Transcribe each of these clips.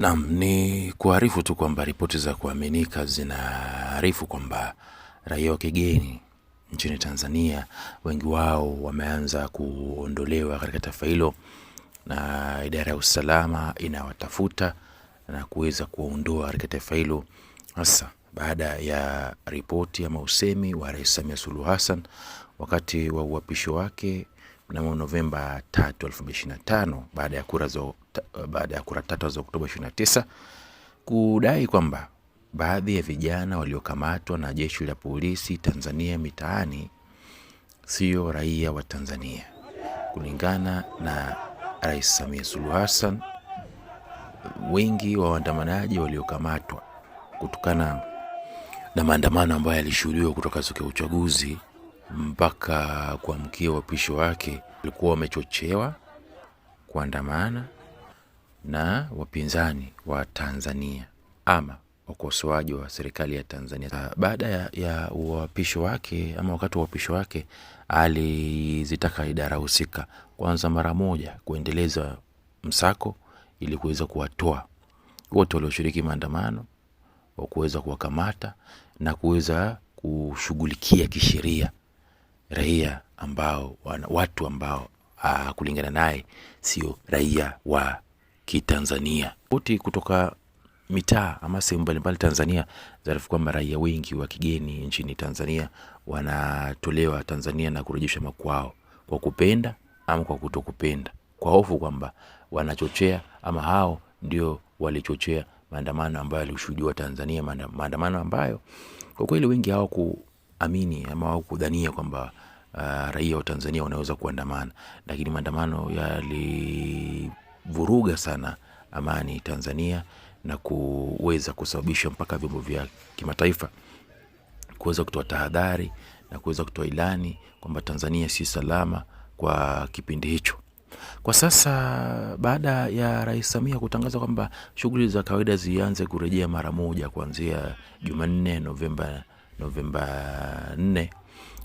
Naam, ni kuarifu tu kwamba ripoti za kuaminika zinaarifu kwamba raia wa kigeni nchini Tanzania wengi wao wameanza kuondolewa katika taifa hilo, na idara ya usalama inawatafuta na kuweza kuwaondoa katika taifa hilo, hasa baada ya ripoti ama usemi wa Rais Samia Suluhu Hassan wakati wa uapisho wake mnamo Novemba 3, 2025 baada ya kura za baada ya kura tatu za Oktoba 29 kudai kwamba baadhi ya vijana waliokamatwa na jeshi la polisi Tanzania mitaani sio raia wa Tanzania. Kulingana na Rais Samia Suluhu Hassan, wengi wa waandamanaji waliokamatwa kutokana na maandamano ambayo yalishuhudiwa kutoka siku ya uchaguzi mpaka kuamkia wapisho wake walikuwa wamechochewa kuandamana na wapinzani wa Tanzania ama wakosoaji wa serikali ya Tanzania. Ah, baada ya, ya uapisho wake ama wakati wa uapisho wake alizitaka idara husika kwanza mara moja kuendeleza msako ili kuweza kuwatoa wote walioshiriki maandamano wa kuweza kuwakamata na kuweza kushughulikia kisheria raia ambao watu ambao ah, kulingana naye sio raia wa Kitanzania wote kutoka mitaa ama sehemu mbalimbali Tanzania zaarifu kwamba raia wengi wa kigeni nchini Tanzania wanatolewa Tanzania na kurejeshwa makwao kwa kupenda ama kwa kutokupenda, kwa hofu kwamba wanachochea ama hao ndio walichochea maandamano ambayo yalishuhudiwa Tanzania, maandamano ambayo kwa kweli wengi hawakuamini ama hawakudhania kwamba uh, raia wa Tanzania wanaweza kuandamana, lakini maandamano yali kuvuruga sana amani Tanzania na kuweza kusababisha mpaka vyombo vya kimataifa kuweza kutoa tahadhari na kuweza kutoa ilani kwamba Tanzania si salama kwa kipindi hicho. Kwa sasa baada ya Rais Samia kutangaza kwamba shughuli za kawaida zianze kurejea mara moja kuanzia Jumanne Novemba Novemba nne,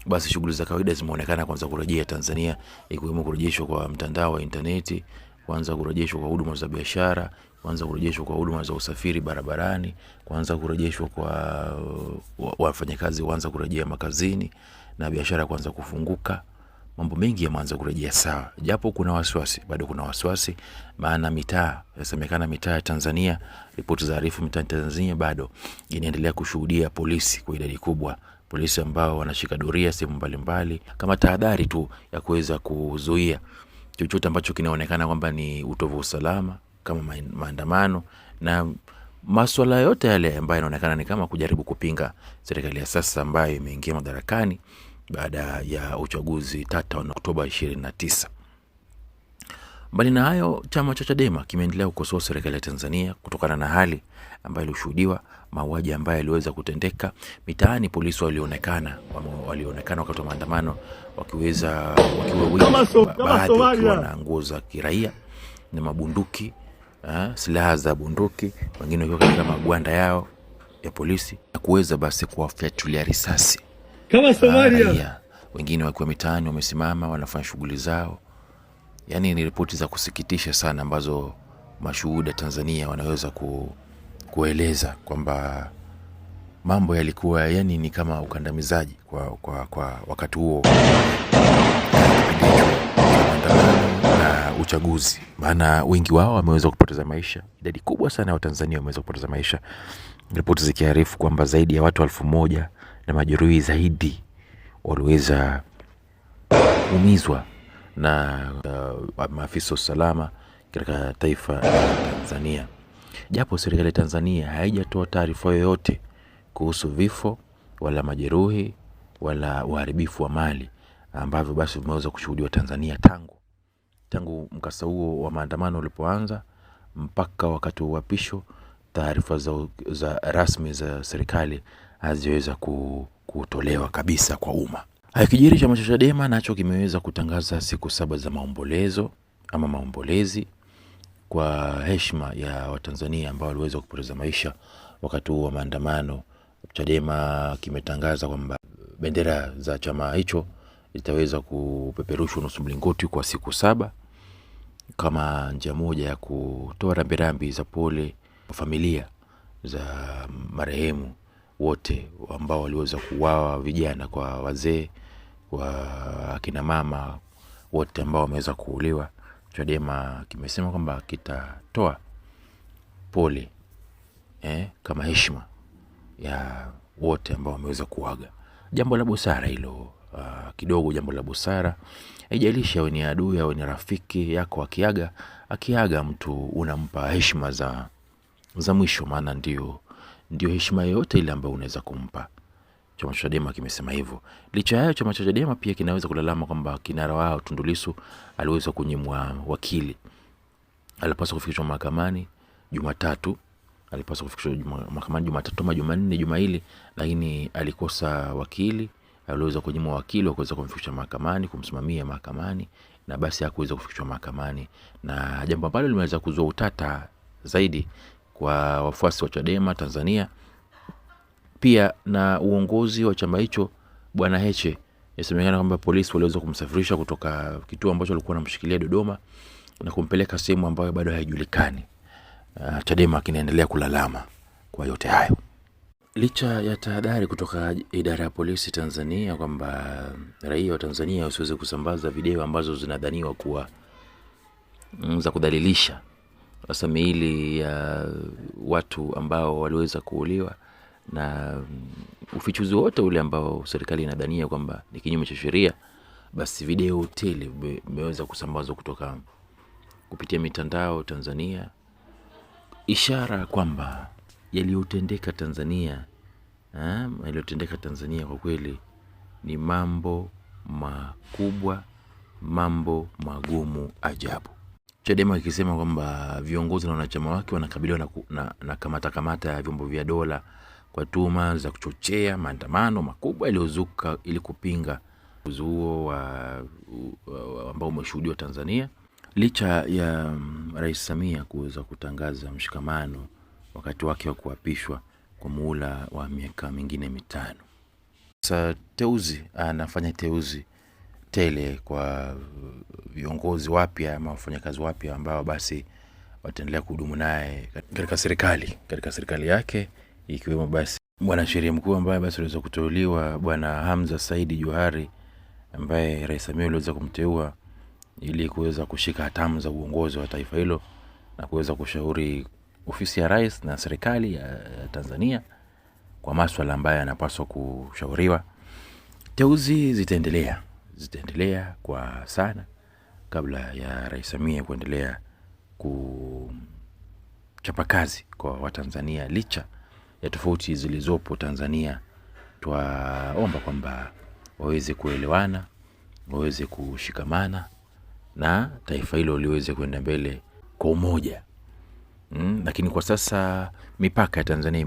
basi shughuli za kawaida zimeonekana kwanza kurejea Tanzania, ikiwemo kurejeshwa kwa mtandao wa intaneti kuanza kurejeshwa kwa huduma za biashara, kuanza kurejeshwa kwa huduma za usafiri barabarani, kuanza kurejeshwa kwa wafanyakazi kuanza kurejea makazini na biashara kuanza kufunguka. Mambo mengi yameanza kurejea sawa, japo kuna wasiwasi, bado kuna wasiwasi, maana mitaa yasemekana, mitaa ya Tanzania, ripoti za arifu, mitaa Tanzania bado inaendelea kushuhudia polisi kwa idadi kubwa, polisi ambao wanashika doria sehemu mbalimbali kama tahadhari tu ya kuweza kuzuia chochote ambacho kinaonekana kwamba ni utovu wa usalama kama maandamano na maswala yote yale ambayo yanaonekana ni kama kujaribu kupinga serikali ya sasa ambayo imeingia madarakani baada ya uchaguzi tata wa Oktoba tisa Mbali na hayo, chama cha Chadema kimeendelea kukosoa serikali ya Tanzania kutokana na hali ambayo ilishuhudiwa, mauaji ambayo yaliweza kutendeka mitaani. Polisi walionekana walionekana wakati wa maandamano wakiweza wakiwa wengi, baadhi wakiwa na nguo za kiraia na mabunduki, Ha, silaha za bunduki, wengine wakiwa katika magwanda yao ya polisi na kuweza basi kuwafyatulia risasi kama Somalia. Wengine wakiwa mitaani wamesimama wanafanya shughuli zao yani ni ripoti za kusikitisha sana ambazo mashuhuda Tanzania wanaweza ku, kueleza kwamba mambo yalikuwa yani ni kama ukandamizaji kwa, kwa, kwa wakati huo na uchaguzi, maana wengi wao wameweza kupoteza maisha. Idadi kubwa sana ya Watanzania wameweza kupoteza maisha, ripoti zikiarifu kwamba zaidi ya watu elfu moja na majeruhi zaidi waliweza kuumizwa na uh, maafisa usalama katika taifa la Tanzania. Japo serikali ya Tanzania haijatoa taarifa yoyote kuhusu vifo wala majeruhi wala uharibifu wa mali ambavyo basi vimeweza kushuhudiwa Tanzania tangu tangu mkasa huo wa maandamano ulipoanza mpaka wakati wa uapisho, taarifa za, za rasmi za serikali haziweza kutolewa kabisa kwa umma. Kijiri chama cha Chadema nacho kimeweza kutangaza siku saba za maombolezo ama maombolezi kwa heshima ya Watanzania ambao waliweza kupoteza maisha wakati huu wa maandamano. Chadema kimetangaza kwamba bendera za chama hicho zitaweza kupeperushwa nusu mlingoti kwa siku saba kama njia moja ya kutoa rambirambi za pole kwa familia za marehemu wote ambao waliweza kuuawa, vijana kwa wazee wa akina mama wote ambao wameweza kuuliwa. Chadema kimesema kwamba kitatoa pole eh, kama heshima ya wote ambao wameweza kuaga. Jambo la busara hilo, uh, kidogo jambo la busara. aijalishi awe ni adui awe ni rafiki yako, akiaga akiaga mtu unampa heshima za za mwisho, maana ndio ndio heshima yoyote ile ambayo unaweza kumpa chama cha Chadema kimesema hivyo. Licha hayo, chama cha Chadema pia kinaweza kulalama kwamba kinara wao Tundu Lissu aliweza kunyimwa wakili, alipaswa kufikishwa mahakamani Jumatatu, alipaswa kufikishwa mahakamani Jumatatu ama Jumanne juma hili, lakini alikosa wakili, aliweza kunyimwa wakili wa kuweza kumfikisha mahakamani, kumsimamia mahakamani, na basi hakuweza kufikishwa mahakamani, na jambo ambalo limeweza kuzua utata zaidi kwa wafuasi wa Chadema Tanzania pia na uongozi wa chama hicho bwana Heche. Inasemekana kwamba polisi waliweza kumsafirisha kutoka kituo ambacho alikuwa anamshikilia Dodoma na kumpeleka sehemu ambayo bado haijulikani. Uh, Chadema kinaendelea kulalama kwa yote hayo licha ya tahadhari kutoka idara ya polisi Tanzania kwamba raia wa Tanzania wasiweze kusambaza video ambazo zinadhaniwa kuwa mm, za kudhalilisha, hasa miili ya watu ambao waliweza kuuliwa na mm, ufichuzi wote ule ambao serikali inadhania kwamba ni kinyume cha sheria, basi video hoteli imeweza kusambazwa kutoka kupitia mitandao Tanzania, ishara kwamba yaliyotendeka Tanzania ha? Eh, yaliyotendeka Tanzania kwa kweli ni mambo makubwa, mambo magumu ajabu. Chadema akisema kwamba viongozi na wanachama wake wanakabiliwa na, na, na kamata kamata ya vyombo vya dola kwa tuma za kuchochea maandamano makubwa yaliyozuka ili kupinga wa ambao umeshuhudiwa Tanzania, licha ya mm, Rais Samia kuweza kutangaza mshikamano wakati wake wa kuapishwa kwa muhula wa miaka mingine mitano. Sasa teuzi anafanya teuzi tele kwa viongozi wapya ama wafanyakazi wapya ambao basi wataendelea kuhudumu naye katika serikali katika serikali yake ikiwemo basi mwanasheria mkuu ambaye basi aliweza kuteuliwa Bwana Hamza Saidi juhari ambaye Rais Samia aliweza kumteua ili kuweza kushika hatamu za uongozi wa taifa hilo na kuweza kushauri ofisi ya rais na serikali ya Tanzania kwa maswala ambayo yanapaswa kushauriwa. Teuzi zitaendelea zitaendelea kwa sana kabla ya Rais Samia kuendelea kuchapa kazi kwa Watanzania licha ya tofauti zilizopo Tanzania, twaomba kwamba waweze kuelewana, waweze kushikamana na taifa hilo liweze kwenda mbele kwa umoja mm. Lakini kwa sasa mipaka ya Tanzania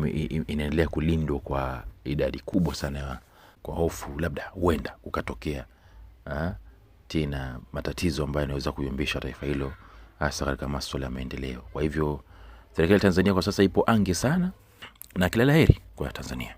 inaendelea kulindwa kwa idadi kubwa sana, kwa hofu labda huenda kukatokea ah, tena matatizo ambayo yanaweza kuyumbisha taifa hilo hasa katika maswala ya maendeleo. Kwa hivyo serikali ya Tanzania kwa sasa ipo ange sana na kila laheri kwa Tanzania.